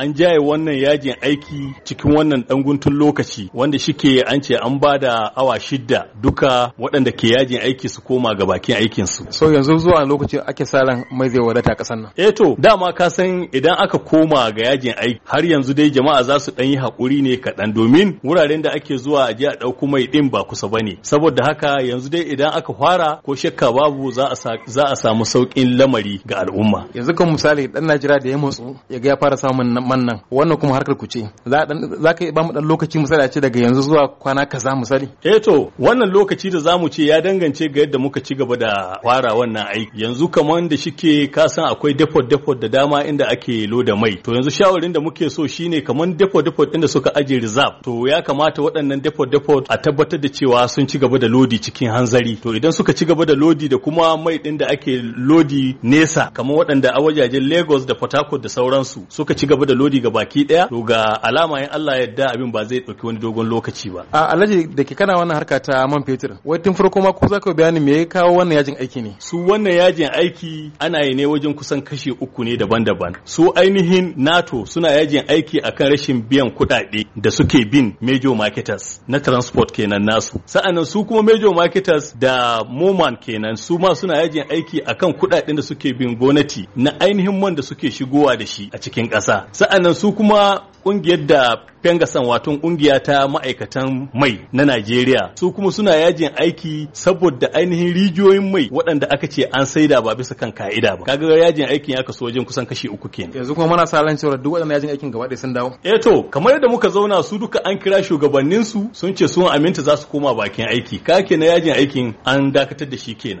an jaye wannan yajin aiki cikin wannan ɗanguntun lokaci wanda shi ke an ce an ba da awa shidda duka waɗanda ke yajin aiki su koma ga bakin aikinsu. su so yanzu zuwa lokacin ake sa ran mai zai wadata kasan nan eh to dama ka san idan aka koma ga yajin aiki har yanzu dai jama'a za su ɗan yi haƙuri ne kaɗan domin wuraren da ake zuwa a je a ɗauko mai ɗin ba kusa ba ne. saboda haka yanzu dai idan aka fara ko shakka babu za a samu sauƙin lamari ga al'umma yanzu kan misali ɗan Najeriya da ya motsu ya ga ya fara samun man nan wannan kuma harkar ku ce za ka ba mu dan lokaci misali a ce daga yanzu zuwa kwana kaza misali eh to wannan lokaci da zamu ce ya dangance ga yadda muka ci gaba da fara wannan aiki yanzu kamar da shike ka san akwai depot depot da dama inda ake loda mai to yanzu shawarin da muke so shine kamar depot depot din da suka aje reserve to ya kamata waɗannan depot depot a tabbatar da cewa sun ci gaba da lodi cikin hanzari to idan suka ci gaba da lodi da kuma mai din da ake lodi nesa kamar waɗanda a wajajen Lagos da Port Harcourt da sauransu suka ci gaba da lodi ga baki daya to ga alama in Allah ya yarda abin ba zai dauki wani dogon lokaci ba a alhaji da ke kana wannan harka ta man fetur wai tun farko ma ku za ka bayani me ya kawo wannan yajin aiki ne su wannan yajin aiki ana yi ne wajen kusan kashe uku ne daban-daban su ainihin NATO suna yajin aiki akan rashin biyan kuɗaɗe da suke bin major marketers na transport kenan nasu sa'annan su kuma major marketers da moman kenan su ma suna yajin aiki akan kuɗaɗen da suke bin gwamnati na ainihin man da suke shigowa da shi a cikin ƙasa sa'annan su kuma kungiyar da Fengasan wato kungiya ta ma'aikatan mai na Najeriya su kuma suna yajin aiki saboda ainihin rijiyoyin mai waɗanda aka ce an saida ba bisa kan ka'ida ba kaga yajin aikin ya kaso wajen kusan kashi uku kenan yanzu kuma muna sa cewa duk waɗannan yajin aikin gaba ɗaya sun dawo eh to kamar yadda muka zauna su duka an kira shugabannin su sun ce sun aminta za su koma bakin aiki ka na yajin aikin an dakatar da shi kenan